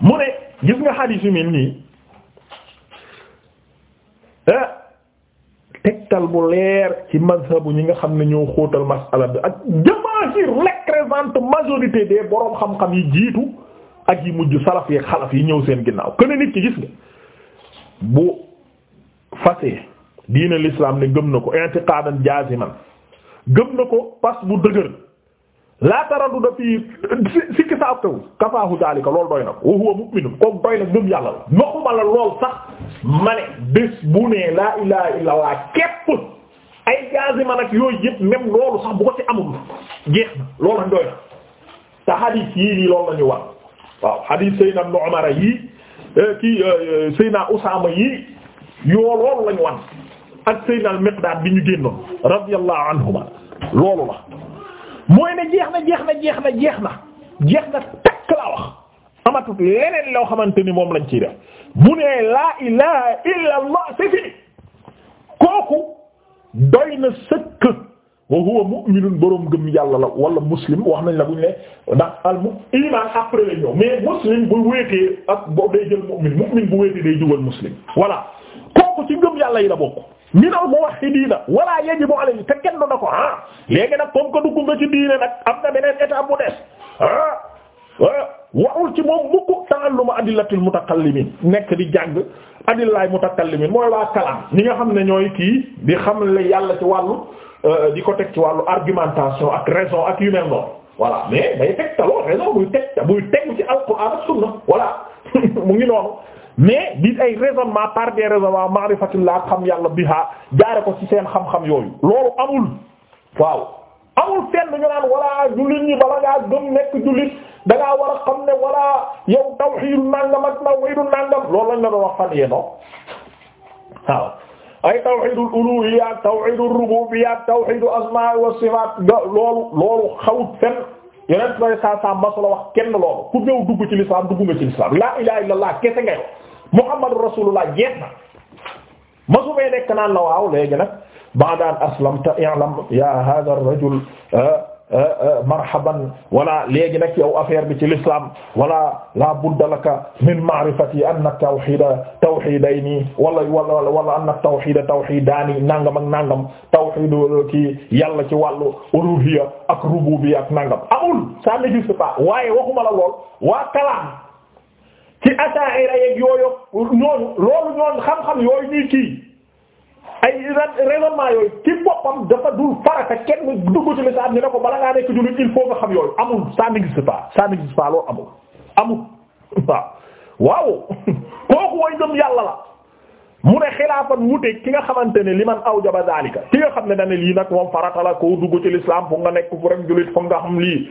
mu ne gis nga xadiis yu mel nii ah, tegtal bu leer ci mazhabu ñi nga xam ne ñoo xóotal masala bi ak jamaahir l'écrasante majorité des boroom xam-xam yi jiitu ak yi mujj salaf yi xalaf yi ñëw seen ginnaaw kenn nit ki gis nga bu fasee diine l'islam ne gëm na ko i'tiqaadan jaaziman gëm na ko pas bu dëgër laataradu da fii sikki sa kaw kafaahu daalika loolu doy na wa huwa mu'minun kooku doy na gëm yàlla la waxuma la lool sax ma ne bés bu ne laa ilaha illa allah képp ay jaazima nag yooyu yëpp même loolu sax bu ko ci amul jeex na loolu lañ doy na te hadith yii nii loolu la ñu war waaw hadith Seydina Ibn Umar yii eh, kii eh, eh, Seydina Usaama yoo loolu la ñu wan ak Seydina al-Miqdaad bi ñu génnoon radiyallahu anhuma loolu la. mooy ne jeex na jeex na jeex na jeex na jeex na takk laa wax amatut leneen loo xamante ni moom lañ ci def bu nee laa ilaha illa allah c'est fini kooku doy na sëkk wa huwa mu'minun boroom gëm yàlla la wala muslim wax nañ la bu ñu ne ndax al mu après la mais muslim bu wéetee ak boobu day jël mu'min mu'min bu wéetee day jugal muslim voilà kooku ci gëm yàlla yi la bokk minal muwahhidiina wala yajibu alayhi te kenn du na ko ah léegi nag comme que dugg nga ci diine nag am na beneen étape bu des ah, ah waxul ci moom mukk ta'alluma adillatil mutakallimin nekk di jàng adillaay mutakallimin mooy waa kalam ñi nga xam ne ñooy kii di xamle yàlla ci wàllu euh, di ko teg ci wàllu argumentation ak raison ak yu mel noonu voilà mais day teg taloo raison buy teg buy tegu ci alquran ak sunna voilà mu ngi noonu. mais di ay raisonnement par des raisonnements maarifatillah xam yàlla biha jaare ko ci seen xam-xam yooyu amul waaw ñu naan walla jullit ñi bala da ngaa war a xam ne la doon wax fan yéenoo waaw ay tawxiidul uluhiyya tawxiidul rububiyya tawxiidu asmaa wa sifaat loolu loolu xawut fenn yeneen masula wax kenn loolu ku ñëw dugg ci lislaam dugg nga ci lislaam laa ilaaha illallaah kese muhammadu rasulullah jeex na ma su fee nekk naan la waaw léegi nag ba'da aslamta i'lam ya hadha ar-rajul ah, ah, ah, marhaban wala léegi nag yow affaire bi ci l'islam wala la budda laka min ma'rifati anna tawhida tawhidayni wala wala wala anna tawhida tawhidani nangam ak nangam tawhidu ci yàlla ci wàllu uluhiyya ak rububiyya ak nangam amul ça n'existe pas waaye waxuma la lool waa kalaam ci asaa'ira yeeg yooyu ñooñu loolu ñooñu xam-xam yooyu ñuy kii ay raisonnement yooyu ci boppam dafa dul farata kenn dugg ci lislaam ñu ne ko bala ngaa nekk jullit il faut nga xam yooyu amul ça n'existe pas ça n'existe pas loolu amul amul waaw waaw kooku way gëm yàlla la mu ne xilaafan wuute ki nga xamante ne li man awjaba daalika ki nga xam ne na ne lii nag moom farata la koo dugg ci lislaam fu nga nekk fu rek jullit fu nga xam lii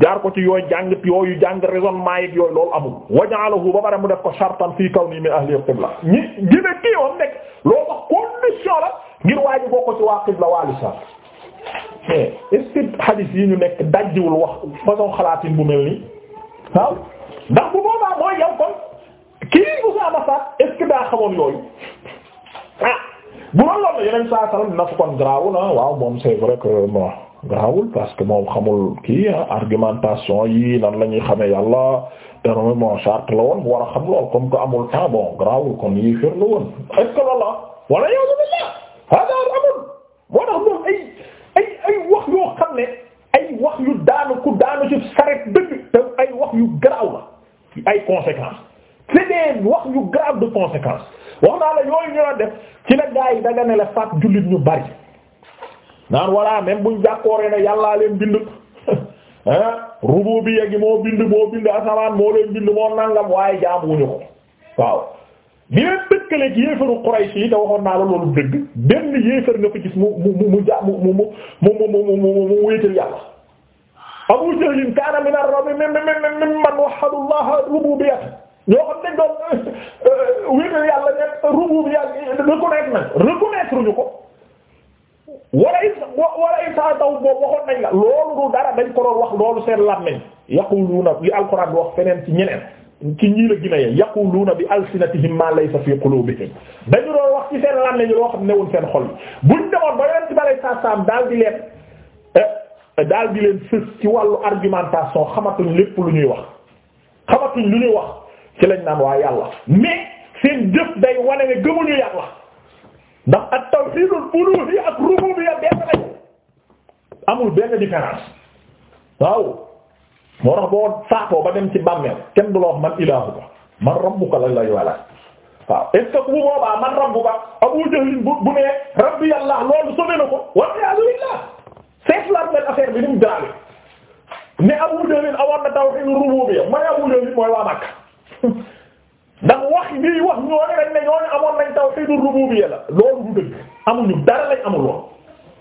jaar ko ci yooyu jàngit yooyu jàng raisonnement yit yooyu loolu amul wajaalahu ba pare mu def ko shartan fii kawni min ahli qibla ñi gëna kiiwam nekk loolu wax condition la ngir waa ji bokk ci waa qibla waa l'islam mais est-ce yi ñu nekk dajjiwul wax façon xalaatin bu mel nii waaw ndax bu boobaa mooy yow kon kii Usaama Faat est-ce daa xamoon yooyu ah bu loolu yeneen saa salaam dina kon garaawu na ah, waaw moom c'est vrai que garawul parce que moom xamul kii ah, argumentation yi nan la ñuy xamee yàlla charte la woon war a xam lool comme bon garawul kon yii fër la woon wala yow bi la hada amul moo tax moom wax yoo xam ne ay wax yu daanu ku daanu ci saret dëgg te ay wax yu garaaw la ay wax naa la yooyu ñu la def ci la gaa yi ne la faat jullit ñu bari naan voilà même buñ jàkkooree ne leen bind ah rubu bi moo bind moo bind asamaan moo leen bind moo nangam waaye jaamuwuñu ko waaw bi leen dëkkaleeg yéefaru Quraysh yi te waxoon naa la loolu dëgg benn yéefar nga ko gis mu mu mu mu ja mu mu mu mu mu mu wéetal yàlla. Abu Jahl kaana min ar-rabi mimman wahhada Allah rububiyyah ñoo xam dañ doon wéetal yàlla ne rububiyyah reconnaître na reconnaître ñu ko. wala insa taw boobu loolu dara dañ ko doon wax loolu seen làmmiñ yaquluuna li alquran bi wax feneen ci ñeneen ci ñii la gina yee yaquluuna bi alsinatihim ma laysa fi qulubihim dañu doon wax ci seen làmmiñ loo xam ne woon seen xol bi buñ demoon ba yonent bi alay saa saam daal di leen eh, daal di leen fës ci wàllu argumentation xamatuñ lépp lu ñuy wax xamatuñ lu ñuy wax ci lañ naan waa yàlla mais seen jëf day wane ne gëmuñu yàlla ndax at tawhidul uluhiyya ak rububiyya benn amul benn différence waaw moo tax boo saakoo ba dem ci bàmmeel kenn du la man ilaahu ba man rabbuka la lay walaat waaw est-ce que bu boobaa man rabbuka Abu bu bu nee rabbi yàlla loolu sobe na ko wala yàlla seetlaat leen affaire bi ni mu daale ne Abu Jahl awoon na tawhid rububiyya may mooy waa Makka ndax wax bii wax ñoo ne rek ne ñoo ne amoon nañ tawhid rububiyya la loolu du dëgg amuñu amul woon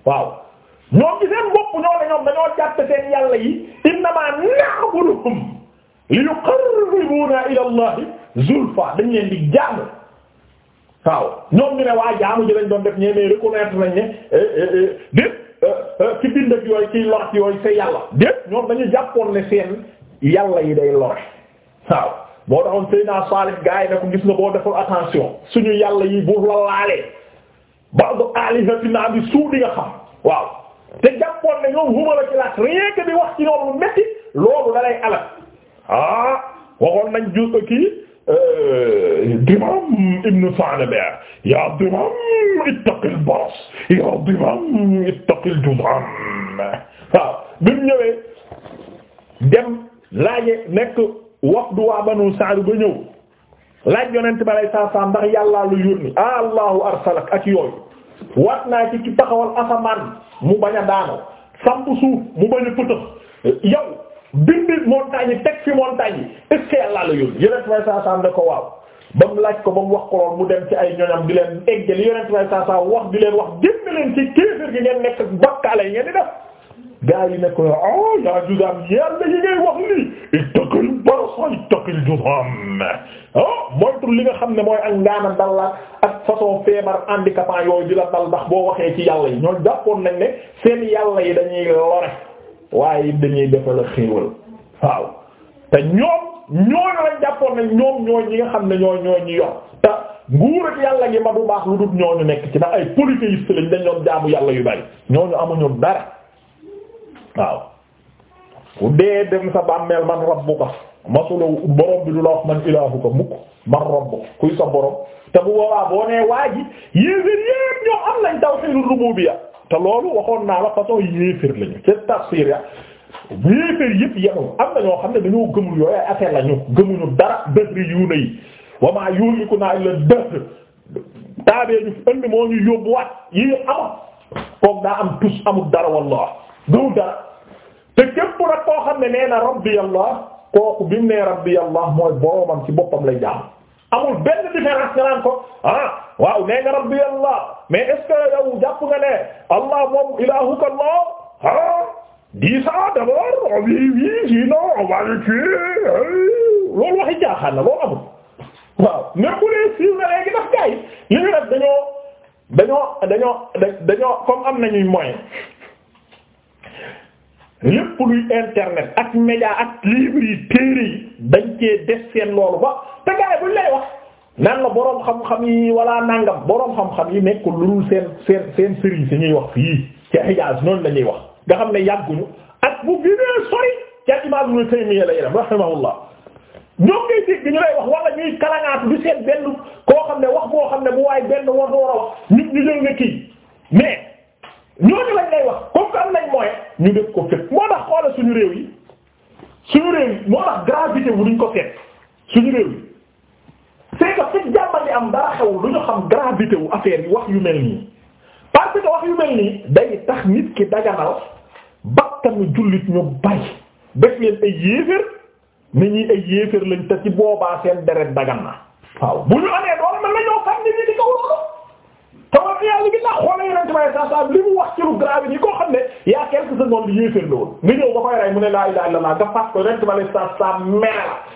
waaw. ñoom ci seen bopp ñoo la dañoo jàpp seen yàlla yi innamaa na'buduhum li yuqarribuna ila allah zulfa dañ leen di jaamu waaw ñoom ñu ne waa jaamu ji lañ doon def ñeemee reconnaître nañ ne eh, eh, eh, déet ci bind ak yooyu ciy lor yooyu sa yàlla déet ñoom dañu jàppoon ne seen yàlla yi day lore waaw moo taxoon Seydina Salih gaa yi ne ko gis nga boo deful attention suñu yàlla yi bu la laalee ba'du alihatina bi nga xam waaw te jàppoon ne ñoom huma la ci laaj rien wax ci ñoom lu metti loolu da lay alal ah waxoon nañ ju euh, kii euh, Dimaam ibn Sa'laba yaa Dimaam ittaqil baras yaa Dimaam ittaqil jumaam waaw bi mu ñëwee dem laaje nekk wafdu waa Banu Sa'd ba ñëw laaj yonent ba lay saa saa ndax yàllaa lu yónni Allahu arsalak ak yooyu waat naa ci ci taxawal asamaan mu bañ a daanoo samp suuf mu bañ a pëtëx yow bindi montagne yi teg fi montagne yi est ce que yàllaa la yónni yonent way saa saa ne ko waaw ba mu laaj ko ba mu wax ko lool mu dem ci ay ñoñam di leen eggali yonent way saa saa wax di leen wax génn leen ci kéefër gi ngeen nekk bakkaale yi ngeen di def gaa yi ne ko ah yaa juzaam yàlla yi wax lii ittaqil barsa ittaqil juzaam ah moytu li nga xam ne mooy ak ngaana dal la ak façon feebar handicapant yooyu di la dal ndax boo waxee ci yàlla yi ñoom jàppoon nañ ne seen yàlla yi dañuy lore waaye dañuy defal xéewal waaw te ñoom ñooñu lañ jàppoon nañ ñoom ñooy ñi nga xam ne ñooy ñooy ñi yor te nguur ak yàlla gi ma bu baax lu dul ñooñu nekk ci ndax ay polythéistes lañ dañ doon jaamu yàlla yu bari ñooñu amuñu dara. waaw ku dee dem sa bàmmeel man rabbuka masula borom bi du la wax man ilaahuka mukk man rabbuka kuy sa borom te bu boobaa boo nee waa ji yéeféer yépp ñoo am nañ tawhiidul rububiyya te loolu waxoon naa la façon yéeféer lañu ci tafsiir ya yéeféer yépp yenu am na ñoo xam ne dañoo gëmul yooyu ay affaire lañu gëmuñu dara dëhri yuuna yi wa maa yuhlikunaa illaa dahr taabee ñu ënd moo ñu yóbbuwaat yi amut kook daa am tus amul dara wallah du dara te képp nag koo xam ne nee na rabbi allah kooku bi mu nee rabbi allah mooy boromam ci boppam lay jaam amul benn différence nga naan ko ah waaw nee nga rabbi allah mais est ce que yow jàpp nga ne allah moom ilahuka allah ah dis ça d'abord ah oui oui ah waxi jaaxaan na loolu amul waaw mais bu siiw na léegi ndax gars yi li ñu dañoo dañoo dañoo dañoo comme am nañuy moyen lépp luy internet ak média ak livre yi téere yi dañ cee des seen loolu ba te gaay buñ lay wax nan la boroom xam-xam yi wala nangam boroom xam-xam yi nekk lu dul seen seen seen sëriñ si ñuy wax fii ci Hijaaz noonu la ñuy wax nga xam ne yàgguñu ak bu gënee sori ca Imaam Ibnu Taymiyya lay def rahimahullah ñoo ngay dégg ñu lay wax wala ñuy kalanaatu du seen benn koo xam ne wax boo xam ne bu waaye benn war a war a wax nit ñu jël nga kii mais. ñooñu lañ lay wax comme que am nañ moyen ñu def ko fépp moo tax xoola suñu réew yi suñu réew yi moo tax gravité duñ ko seet suñu réew yi c'est que fi jàmbali am dara xew lu ñu xam gravité wu affaire yi wax yu mel nii parce wax yu mel nii day tax nit ki daganal bakkanu jullit ñu bay def leen ay yéefér nit ñi ay yéefér lañ te ci boobaa seen deret dagan waaw bu ñu amee doole man la xam nit ñi di kaw loolu tawar yàlla gi naa xoola yonente bi alayhi salaam li mu wax ci lu grave yi koo xam ne yaa quelque sa noon bi yéeféer la woon nga ñëw ba koy rey mu ne laa ilaaha illallaah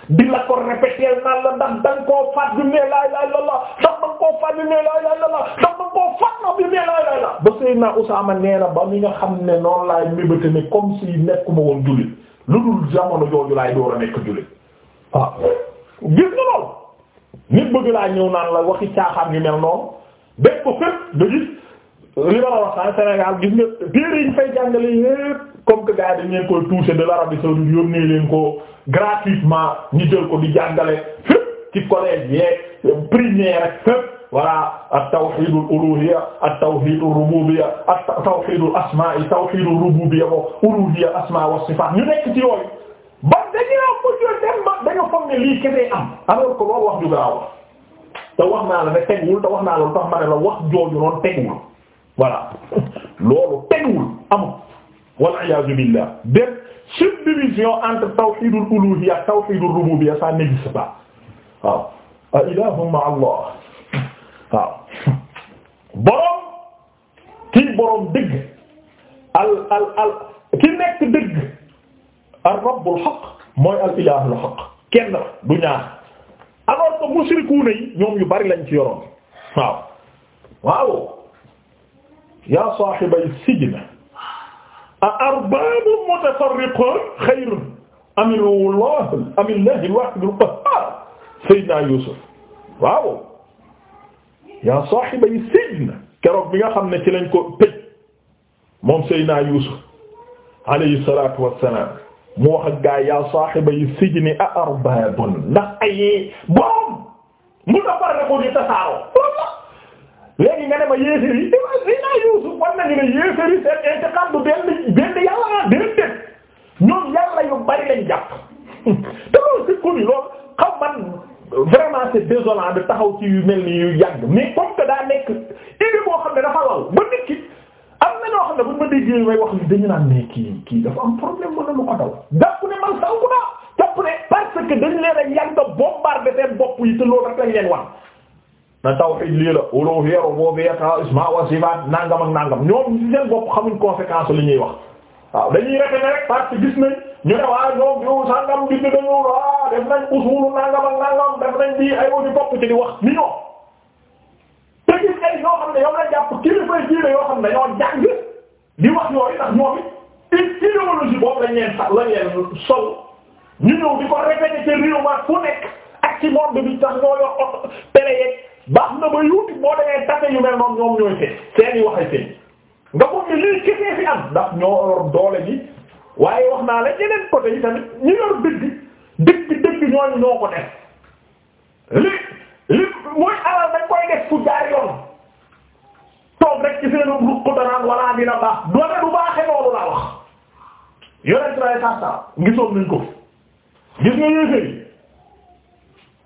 bi la ko répété naan la ndax da koo faat bi ne laa ilaaha illallaah laa ndax da koo faat na bi mu ne laa ba Seydina Usaama nee ba mi nga xam ne noonu laay mébéte ne comme si nekkuma woon jullit lu dul jamono jooju laay door a nekk jullit waaw ah, gis nga loolu nit bëgg laa ñëw naan la waxi caaxaan bépp ko fépp nga gis li ma la wax en Sénégal gis nga téere yi ñu fay jàngale yépp comme que gars yi dañ leen ko gratuitement ñu jël ko di jàngale fépp ci collège yeeg primaire ak fépp voilà at-tawhidul uluhiyya at-tawhidur rububiyya at-tawhidul asmaa tawhidur rububiyya wa asmaa wa sifaat ñu nekk ci yooyu ba dañoo ko jël dem ba dañoo foog ne lii kese am alors que loolu wax ju te wax naa la ne teguwul wax naa la lu tax ma ne la wax jooju noonu teguwul voilà wal iyaazu billah def subdivision entre tawhidul uluhiyya ak tawhidul rububiyya ça n'existe pas waaw a ilahum ma allah waaw boroom kii boroom dëgg al al al ki nekk dëgg ar al ilahul kenn la alors que mushrikuuna yi ñoom yu bari lañ ci yoroon waaw waaw yaa saahibay sijn a arbaabun mutafarriquun xayrun amillah amillah al-waahid al-qahhaar Seydina Yuusuf waaw yaa saahibay sijn keroog bi nga xam ne ci lañ ko tëj moom Seydina Yuusuf alayhi salaatu wassalaam mu wax ak gaay yaa saahiba yi a arbaabun ndax ay boom mu dafar ne ko di tasaaroo léegi nga ne ma yéeféer yi imagina eh, Yuusuf war nañu ne yéeféer yi seen intiqaam du benn benn yàlla la déedéet ñoom yàlla yu bari lañ jàpp te loolu si ko ni loolu xam man vraiment c'est désolant de taxaw ci yu mel ni yu yàgg mais comme que daa nekk idée boo xam ne dafa law ba nit ki ñoo xam ne bu ñu ma déggee may wax ni dañu naan ne kii kii dafa am problème mën na lu ko daw jàpp ne man sanku naa jàpp ne parce que dañu leen a yàgg bombarder seen bopp loolu rek leen wax na tawhid lii la uluhiyya rububiyyah isma wa sifat nangam ak nangam ñoom ci seen bopp xamuñ conséquence li ñuy wax waaw dañuy répéter rek parce que gis nañ ñu ne waa ñoom yow sangam bi dañu def nañ nangam ak nangam def nañ bi ay woni bopp ci di wax ni ñoo gis ay yoo xam ne yow la jàpp kilifa yoo xam ne ñoo jàng di wax yooyu ndax ñoom it une idéologie boobu di ko répéter ci réew ma fu nekk ak ci monde bi tax ñoo yor oto télé yeeg na ba YouTube boo demee tase yu mel noonu ñoom ñooy seet seen i wax ak seen nga ko ni lii kese fi am ndax ñoo yor doole ji waaye wax naa la yeneen côté yi tamit ñu yor dëgg dëgg ko def li. li muy alal dañ koy def fu jaar yoon toog rek ci seen ruq danaan wala dina baax doone du baaxee loolu laa wax yore traité saa gisoon nañ ko gis nga yéese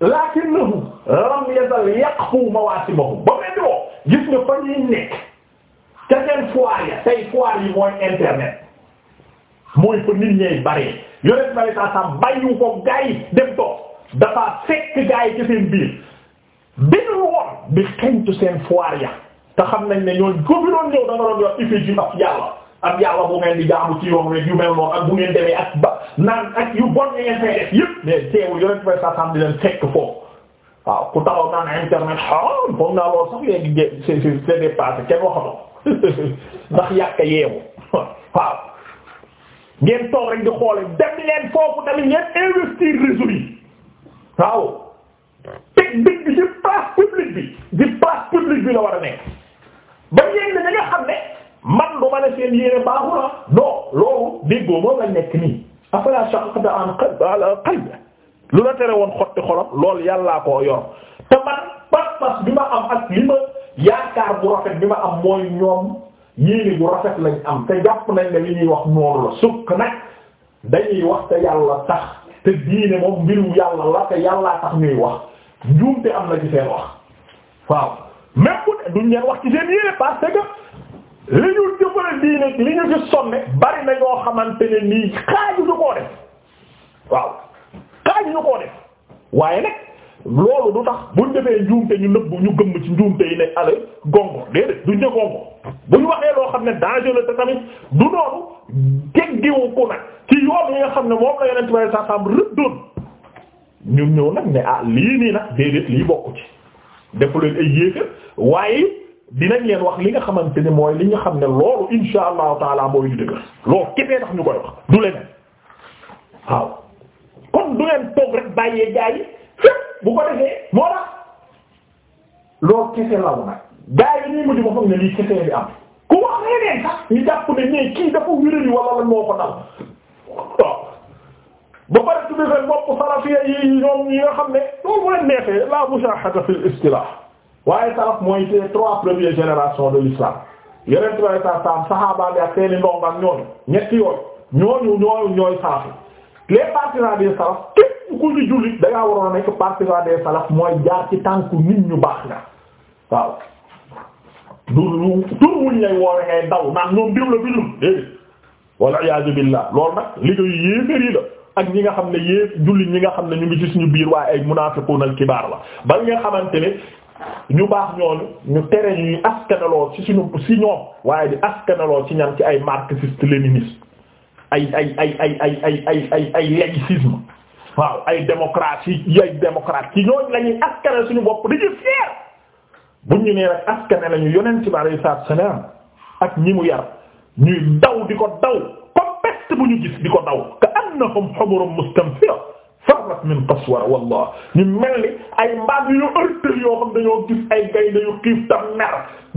lakinnahu lam yazal yaqfu mawasimahum ba mel ni woo gis nga fa nekk ca seen foire ya tey foire yi mooy internet mooy fa nit ñay bari yore traité saa bàyyiwu ko gaa dem toog dafa fekk gaa ci seen biir. dañu woon di xentu seen foire ya te xam nañ ne ñooñ ko bi doon ñëw da nga doon yor effigie bu ngeen di jaamu ci yoon rek yu mel noonu ak bu ngeen demee ak ba naan ak yu bon ngeen fay def yëpp mais teewul yonent fay sa sam di leen fekk foofu waaw ku taxaw naan internet xaram foog naa loolu sax léegi gé c'est c'est dépassé kenn waxatoo ndax yàq yeewu waaw ngeen toog rek di xoole leen foofu tamit ngeen investir réseau yi waaw teg mbir bi ci place publique bi ci place publique bi la war a nekk ba yéen da nga xam ne man du ma ne seen yéene baaxul ah non loolu déggoo moom la nekk nii afala shaqqa an qalbi lu la tere woon xotti xolam loolu yàllaa koo yor te man pas-pas bi ma am ak li ma yaakaar bu rafet bi ma am mooy ñoom yéene bu rafet lañ am te jàpp nañ ne li ñuy wax noonu la sukk nag dañuy wax te yàlla tax. te diine moom mbiru yàlla la te yàllaa tax ñuy wax njuumte am na ci seen wax waaw même bu ne wax ci seen yéene parce que li ñu jëfale diine li ñu ci sonne bari na ñoo xamante nii xaaju ñu koo def waaw xaaju ñu koo def waaye nag loolu du tax bu defee njuumte ñu nëbbu ñu gëmm ci njuumte yi ne ale gongo déedéet duñ ne gongo buñ waxee loo xam ne danger la tamit du noonu teggiwu ku nag ci yoon yi nga xam ne moom la yeneen tubaab saa saam rëddoon ñun ñëw nag ne ah lii nii nag déedéet lii bokku ci defu ay yéegal waaye dinañ leen wax li nga xamante ni mooy li nga xam ne loolu insha allahu taala mooy li dëgër loolu kefee tax ñu koy wax du leneen waaw kon du leen fépp bu ko defee moo tax loolu kese law nag gaa yi ñuy mujj ba foog ne lii kese bi am ku wax leneen sax ñu jàpp ne mais kii dafa wérani wala lan moo ko dal waaw ba pare tuddee seen bopp salafiya yi ñoom ñi nga xam ne loolu bu leen neexee la mushahada fil istilah waaye salaf mooy les trois premières générations de l'islam yeneen trois sa sam sahaaba bi ak seeni ndongaan ñooñu ñetti yooyu ñooñu ñooñu ñooy salaf les partisans des salaf ku di julli da ngaa waroon a nekk waa des salaf mooy jaar ci tànku nit ñu baax nga waaw. du lu tur wuñ lay woowee ngay daw naan ñoom diw bi ñun déedéet. walla iyaazu billaah loolu nag liggéeyu yéeféer yi la ak ñi nga xam ne yéef julli ñi nga xam ne ñu ngi ci suñu biir waaye ay munaafiqun al kibaar la ba nga xamante ne ñu baax ñoonu ñu tere ñuy askanaloo ci suñu si ñoom waaye di askanaloo ci ñan ci ay marxiste léniniste ay ay ay ay ay ay ay waaw ay démocratie ay démocrate ci ñooñ la ñuy askane suñu bopp di ci fier ñu nee rek askane lañu yonent bi alayhi salaatu salaam ak ñi mu yar ñuy daw di ko daw comme peste bu ñu di ko daw ka annahum farrat min qaswara wallah ñu mel ni ay mbaam yu ërtël yoo xam dañoo gis ay gaynde yu xiif ta mer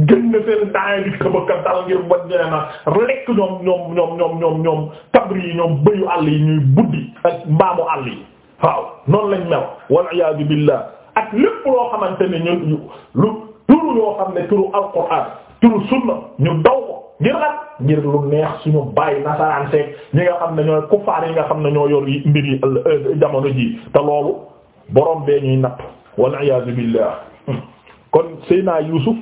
gën na seen daay di dal ngir bojjee na lekk ñoom ñoom ñoom ñoom ñoom kabri yi ñoom bëyu àll yi ñuy buddi ak mbaamu àll yi waaw noonu lañ mel wal iyaadu billah ak lépp loo xamante ne ñun lu turu yoo xam ne turu alquran turu sunna ñu daw ko ngir lan ngir lu neex suñu bàyyi nasaraan ñi nga xam na ñooy kuffaar yi nga xam na ñoo yor yi mbir yi euh, euh, jamono ji te loolu borom bee ñuy natt wal iyaazu billah kon Seyna Yuusuf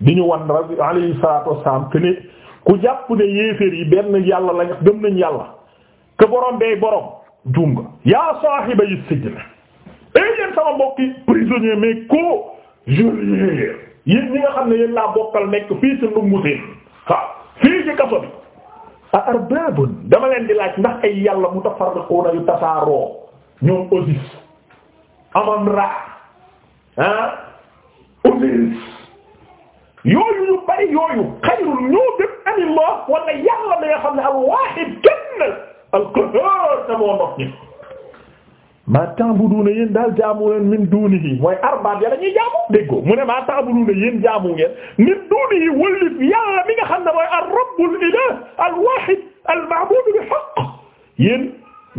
di ñu wan rabbi alayhi salaatu wassalaam que ku jàpp ne yéeféer yi benn yàlla lañ gëm nañ yàlla que borom bee borom juum nga yaa saahiba yi sijn eey eh, yéen sama mbokki prisonnier mais ko joli yéen ñi nga xam ne yéen laa bokkal nekk fii ci ndungu seen waaw fii ci kaso bi a arbabun dama leen di laaj ndax ay yàlla mutafarriquna yu tasaaroo ñoom Osiris Amon Ra ah Osiris yooyu yu bari yooyu xayrul ñoo gën anillah wala yàlla da nga xam ne al-wahid kenn al-qahhar moo ndox ñi maa ta'buduna yéen daal jaamu leen min dunihi mooy arbaab ya la ñuy jaamu déggoo mu ne maa ta'buduna yéen jaamu ngeen min dunihi wëllif yàlla mi nga xam ne mooy ar-rabbul ilah al-wahid al-ma'bud bi haqq yéen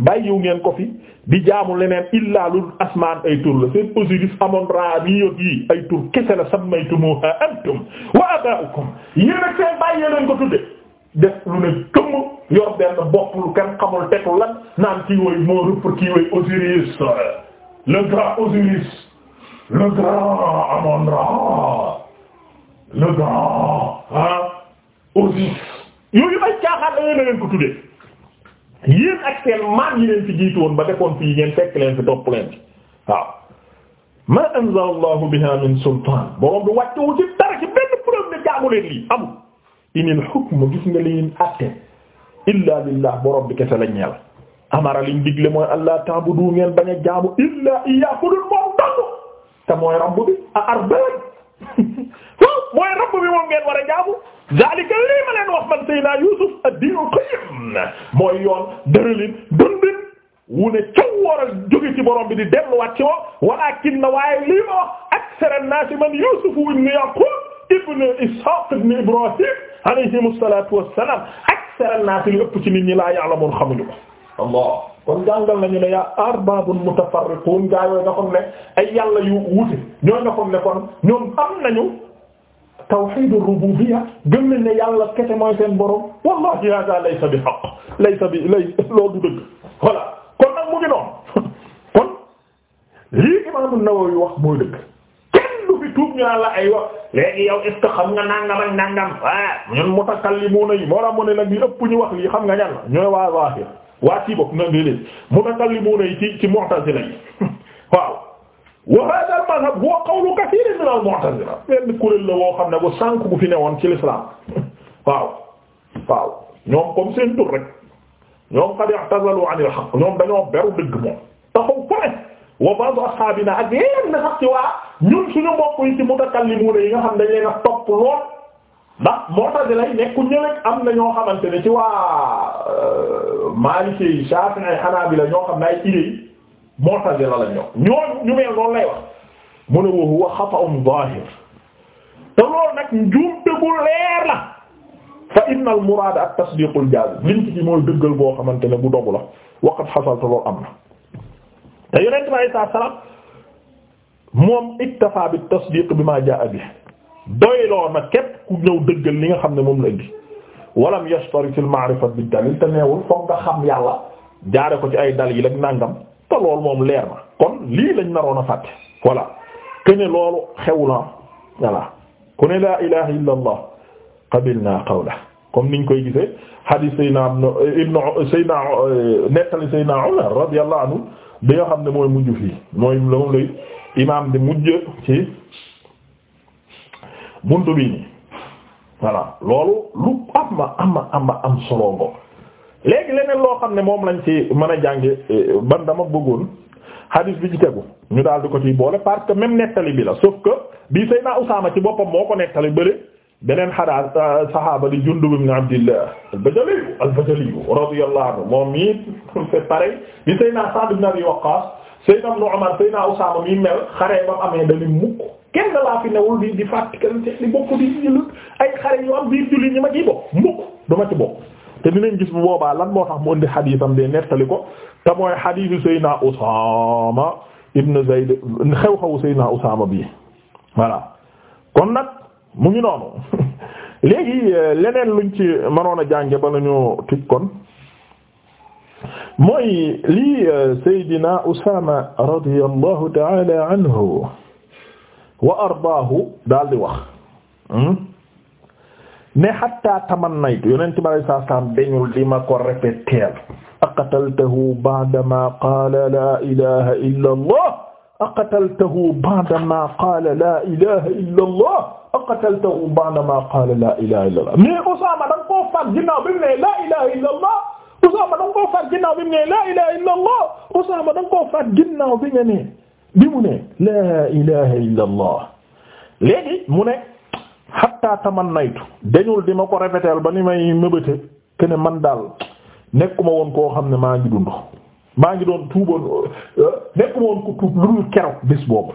bàyyiw ngeen ko fi di jaamu leneen illaa lul asmaan ay tur la seen Osiris Amon Ra Miyot yi ay tur kese la sammaytumuha antum wa aba'ukum yéen ak seen bàyyi leen ko tudde def lu ne këmm yor benn bopp lu kenn xamul tegu lan naan kii way moo rëpp kii way Osiris le grand Osiris le grand Amon-Ra le grand ah Osiris yooyu ay caaxaan da ngeen leen ko tuddee yéen ak seen maam yi leen fi woon ba defoon fii ngeen fekk leen fi topp leen fi waaw ma anzala Allahu biha min sultaan borom bi wàcce wu ci dara ci benn preuve ne jaamu leen lii amul. inil hukmu gis nga li ñu àtte illa lillah borom bi kese la ñeel amara liñ digle mooy allah ta'budu ngeen bañ a jaamu illa iyyahu moom dong te mooy rabb bi a arbab mooy rabb bi moom ngeen war a jaamu zalika lii ma leen wax man sayna yusuf ad-din qayyim mooy yoon dërëlin dundin wu ne coow war a jóge ci borom bi di delluwaat ci moom walakin na waaye lii ma wax aksara an-nas man yusuf ibn yaqub ibn ishaq ibn ibrahim alayhimu salaatu wassalaam aksara naasi li ëpp ci nit ñi laa ya'lamuun xamuñu ko allah kon jàngal nañu ne yaa arbaabun mutafarriquun gaa yooyu nga xam ne ay yàlla yu wute ñoo nga xam ne kon ñoom am nañu tawxiidu rububiyya gëm nañ ne yàlla kese mooy seen borom wallahi hada laysa bi haqq laysa bi lay loolu du dëgg voilà kon nag mu ngi noonu kon lii Imaam An-Nawawi wax mooy dëgg tuub ñu naan la ay wax léegi yow est ce que xam nga nangam ak nangam waaw ñun mutakallimuna yi moo tax mu ne nag li ëpp ñu wax lii xam nga ñan la ñooy waa zaahir waa ci bopp na déedéet mutakallimuna yi ci ci mu'tazila yi waaw wa hada al madhhab huwa qawlu kathirin min al mu'tazila benn kuréel la woo xam ne bu sànk bu fi newoon ci l'islam waaw waaw ñoom comme seen tur rek ñoom qad i'tazalu 'anil haqq ñoom dañoo beru dëgg moom taxaw ko wa ba'd ashaabina ak na sax ci waa ñun suñu mbokk yi ci mutakallimuuna yi nga xam dañ leen a topp lool ndax mu'tazila yi nekku ñëwee am na ñoo xamante ne ci waa euh, Maaliki yi Shaafi'i yi Hanaabila ñoo xam ne ay idées mu'tazila la ñoo ñooñu ñu mel noonu lay wax mu ne wa huwa xata'un zaahir te loolu nag njuumte bu leer la fa inna al muraada at-tasdiiqul jaazim liñ ci mooy dëggal boo xamante ne bu dogu la waqad xasalta loolu am na. te yonent bi alayhi salaam moom iktafaa bi tasdiq bi ma jaa bi doyloo na képp ku ñëw dëggal li nga xam ne moom la indi walam yashtari fil ma'rifa bi dalil te neewul foog nga xam yàlla jaare ko ci ay dal yi ak nàngam te loolu moom leer na kon lii lañ naroon a fàtte voilà que ne loolu xew na ah. voilà ku ne laa qabilna qawla comme niñ koy gisee hadith sayyidina ibn sayyidina nettali sayyidina umar radiyallahu anhu bi nga xam ne mooy mujj fii mooy loolu lay imaam di mujj ci buntu bi voilà loolu lu ama ama ama am solo ngo léegi leneen loo xam ne moom lañ ci mën a jànge eh, ban dama bëggoon hadis bi ci tegu ñu daal di ko ciy boole parce que même nettali bi la sauf que bii Seydina Usaama ci boppam moo ko nettali bële beneen xadaar euh, saxaaba di Jundub ibn Abdillah al-Bajali al-Bajali radiyallahu anhu moom it bi Seydina Sa'd ibn Abi Waqqas Seydina Ibn ba amee dañu mukk kenn laa fi newul di di fàttali kenn te di bokk di ma mukk dama ci bokk. te dinañ gis bu lan moo tax mu indi xadiisam de nettali ko te mooy xadiisu Seydina Usaama ibn Zayd xew-xewu Seydina Usaama bi voilà kon mu ngi noonu léegi euh, leneen luñ ci mënoon a jànge ba nañu tij kon mooy lii euh, Seydina Usaama radiyallahu ta'ala anhu wa ardaahu daal di wax hmm? ne hatta tamannaytu yonent bi saa saam dañul di ma ko répéter aqataltahu ba'dama qaala laa ilaaha illa Allah aqataltahu ba'dama qaala laa ilaha illa allah aqataltahu ba'dama qaala laa ilaha illa allah mais Usaama da nga koo faat ginnaaw bi mu ne laa ilaha illa allah Usaama da nga koo faat ginnaaw bi mu ne laa ilaha illa allah Usaama da nga koo faat ginnaaw bi nga ne bi mu ne laa ilaha illa allah léegi mu ne hatta tamannaytu dañul di ma ko répéter ba ni may mëbëte kene man daal nekkuma woon koo xam ne maa ngi dund maa ngi doon tuuboon euh, euh, nekk woon ku tuub lu dul keroog bés boobu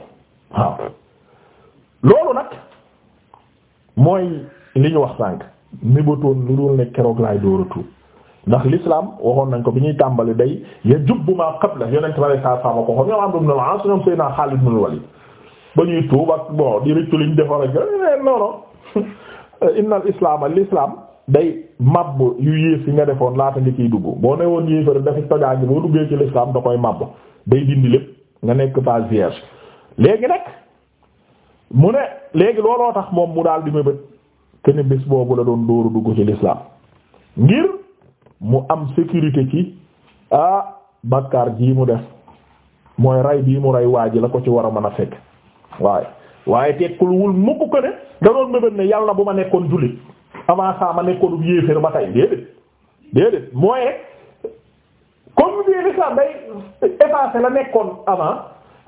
waaw loolu nag mooy li ñu wax sànq mébatoon lu dul ne keroog laay door a tuub ndax l'islam waxoon nañ ko bi ñuy tàmbali day ya jubbu ma qabla yonent bi saa saa ma ko xool ñoom mu ibn al-As ñoom Seydina Xaalid ibn Walid ba ñuy tuub ak bon di rëccu liñ defaral eh, non non inna al islam al islam. day mabb yu yées yi nga defoon laata nga ciy dugg boo ne woon yéefar dafa tojaa ngi boo duggee ci l'islam da koy mabb day dindi lépp nga nekk pas vierge léegi nag mu ne léegi looloo tax moom mu daal di mébét kenn bés boobu la doon dóoru dugg ci lislaam ngir mu am sécurité ci ah bakkaar jii mu def mooy ray bii mu rey waa ji la ko ci war a mën a fekk waaye waaye tekkul wul mukk ko ne da doon mébét ne yàlla bu ma nekkoon jullit avant ça ma nekkoon bu yéeféer ba tey déedéet déedéet comme bi l'islam day effacé la nekkoon avant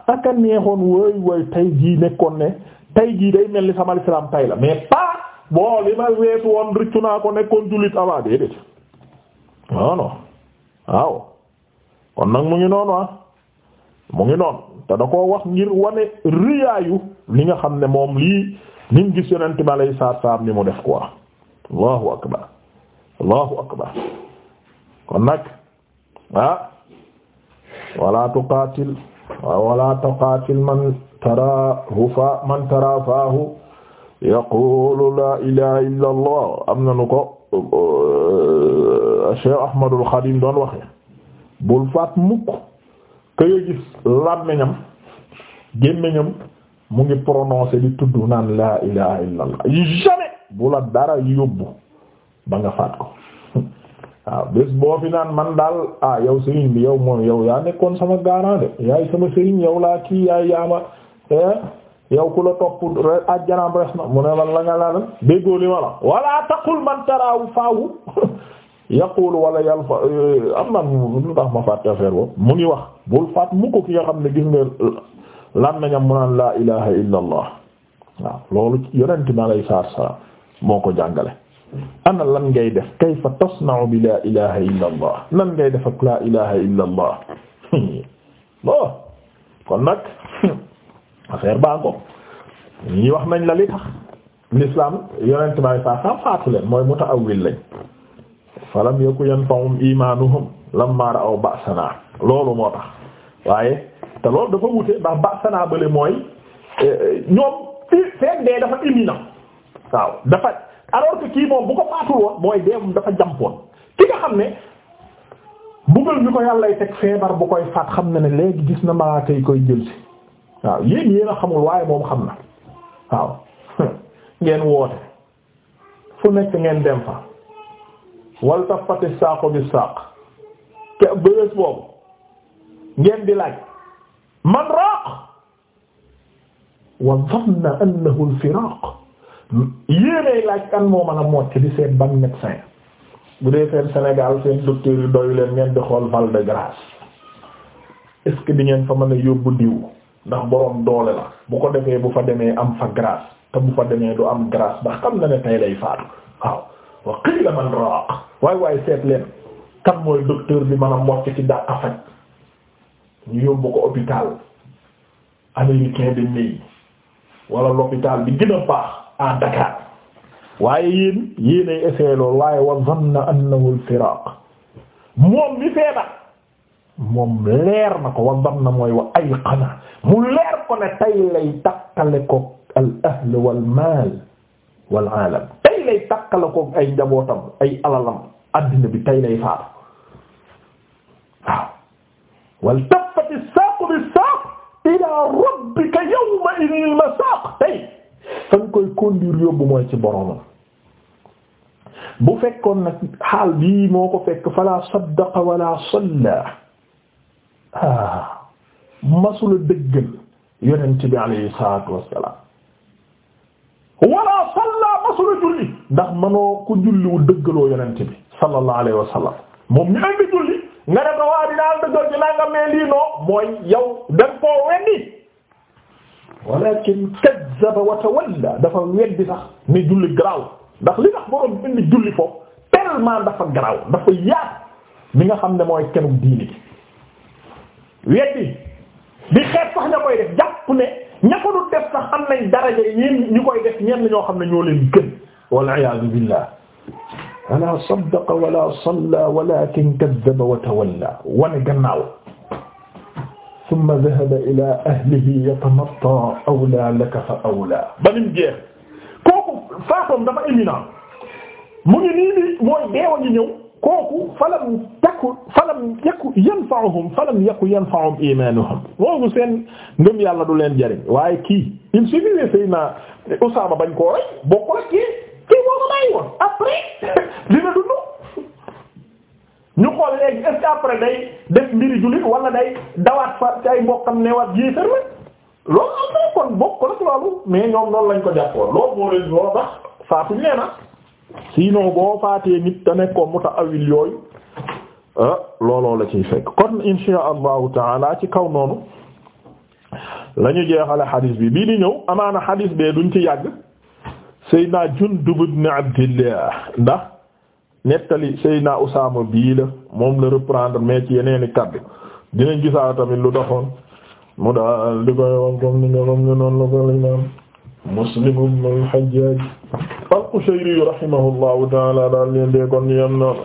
aka neexoon wooy wooy tey jii nekkoon ne tey jii day mel ni sama l'islam la mais pas bon li ma weesu woon riccu naa ko nekkoon jullit avant déedéet non waaw kon nag mu ngi noonu ah mu ngi noon te da koo wax ngir wane riyaayu li nga xam ne moom lii ni mu gis yonent bi alayhi salaam ni mu def quoi allahu akbar allahu akbar kon nag ah wala tuqatil wala tuqatil man taraahu fa man taraafahu yaqulu la ilaha illa allah am na nu ko eh, Cheikh Ahmadul Xadim doon waxe bul faat mukk këyo gis làmmiñam gémmiñam mu ngi prononcer di tudd naan la ilaha illa allah jamais bu la dara yóbbu ba nga faat ko waaw bés boo fi naan man daal ah yow sëriñ bi yow moom yow yaa nekkoon sama garant de yaay sama sëriñ yow laa kii yaay yaama eh, yow ku la topp ajjanaam res na mu ne la la nga la déggoo li ma la wala taqul man taraawu faawu yaqulu wala yalfa eh, am na lu tax ma fàtte affaire boobu mu ngi wax bul faat mu ko ki nga xam ne gis nga lan nañam mu naan laa ilaha illa waaw loolu yonent bi alayhi salaatu wa salaam moo ko jàngale ana lan ngay def kayfa tasna'u bi la ilaha illa allah ngay def ak la ilaha illa allah kon nag affaire baa ko ñi wax nañ la li tax l'islam yonent bay saa sam faatu leen mooy mutaawil lañ falam yaku yanfa'um imanuhum lamma ra'aw ba'sana loolu moo tax waaye te loolu dafa wute ndax ba'sana bële mooy eh, eh, ñoom fekk dee dafa imminent waaw dafa alors que kii moom bu ko faatul mooy deewum dafa jampoon ki nga xam ne bugal bi ko yàllay teg feebar bu koy faat xam na ne léegi gis na malaaka yi koy jël si waaw yéen yéen a xamul waaye moom xam na waaw ngeen woote fu nekk ngeen dem fa wal tafati saaqu bi saaq te bërés boobu ngeen di laaj man raaq wa dhanna annahu al yéenay laaj kan moo mën a mocc di seen ban bu dee seen Sénégal seen docteur yi doyu leen ngeen di xool Val de Grâce est di ngeen fa mën a yóbbu diw ndax boroom doole la bu ko defee bu fa demee am fa grâce te bu fa demee du am grâce ndax xam na ne tey lay faatu waaw wa qiila man raaq waay waay seet leen kan mooy docteur bi mën a mocc ci dàq faj ñu yóbbu ko hôpital américain de Ney wala l'hôpital bi gën a baax à Dakar waaye yéen yéenay essayé loolu waaye wa zanna annahu al-firaq moom mi feebar moom leer na ko wa zanna mooy wa ayqana mu leer ko ne tey lay takkale ko al ahl wal maal wal aalam tey lay takkale ko ay njabootam ay alalam addina bi tey lay faatu waaw wal taffati saaqu bis saaq ila rabbika yawma idhin al masaaq tey fa nga koy conduire yóbbu mooy ci boromam bu fekkoon nag xaal bii moo ko fekk fala saddaqa wala salla ah masula dëggal yonent bi alayhi salaatu wassalaam wala salla masula julli ndax manoo ko julliwu dëggaloo yonent bi sallallahu waa di dëggal ci nangam mais lii noo mooy yow da koo weddi walakin kazzaba wa tawalla dafa weddi sax ne julli garaaw ndax li tax borom indi julli foofu tellement dafa garaaw dafa yaat mi nga xam ne mooy kenu diini bi weddi di xeet sax ña koy def jàpp ne ña ko du def sax am nañ daraja ñeen ñu koy def ñeen ñoo xam ne ñoo leen gën wal iyaadu billah ala saddaqa wala salla walakin kazzaba wa tawalla wane gannaaw summa dhahaba ila ahlihi yatamatta awla laka fa awla banim jeex kooku faatoom dafa imminent mu ngi nii nii mooy deewa ngi ñëw kooku falam taku falam yaku yanfa'uhum falam yaku yanfa'uhum imanuhum loolu seen ngëm yàlla du leen jariñ waaye kii il suffisait say na Usaama bañ koo rey bokkul ak kii kii boo ko bàyyi woon après dina dundu ñu xool léegi est-ce que après day def mbiri jullit wala day dawaat fa ci ay mbokkam neewaat yéefar la loolu kon bokk la loolu mais ñoom noonu lañ ko jàppoon loolu moo leen loolu tax faatuñ nee na sinon boo faatee nit te nekkoo mu ta awil yooyu ah, looloo la ciy fekk kon insha allahu taala ci kaw noonu la ñu jeexale xadiis bi bii di ñëw amaana xadiis bee duñ ci yàgg Seydina Jundub ibn Abdillah ndax nettali Seydina Usaama bii la moom la reprendre mais ci yeneeni kaddu dinañ gisaa tamit lu doxoon mu daal di koy wax ni nga xam ne noonu la Muslim ibn hajjaj al-Qushayri rahimahullahu ta'ala daal leen dee kon yam noonu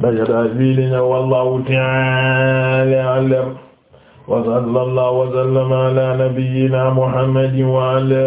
daja daal bii di ñëw wallahu ta'ala a'lam wa sallallahu wa sallama ala nabiyyina Muhammadin wa ala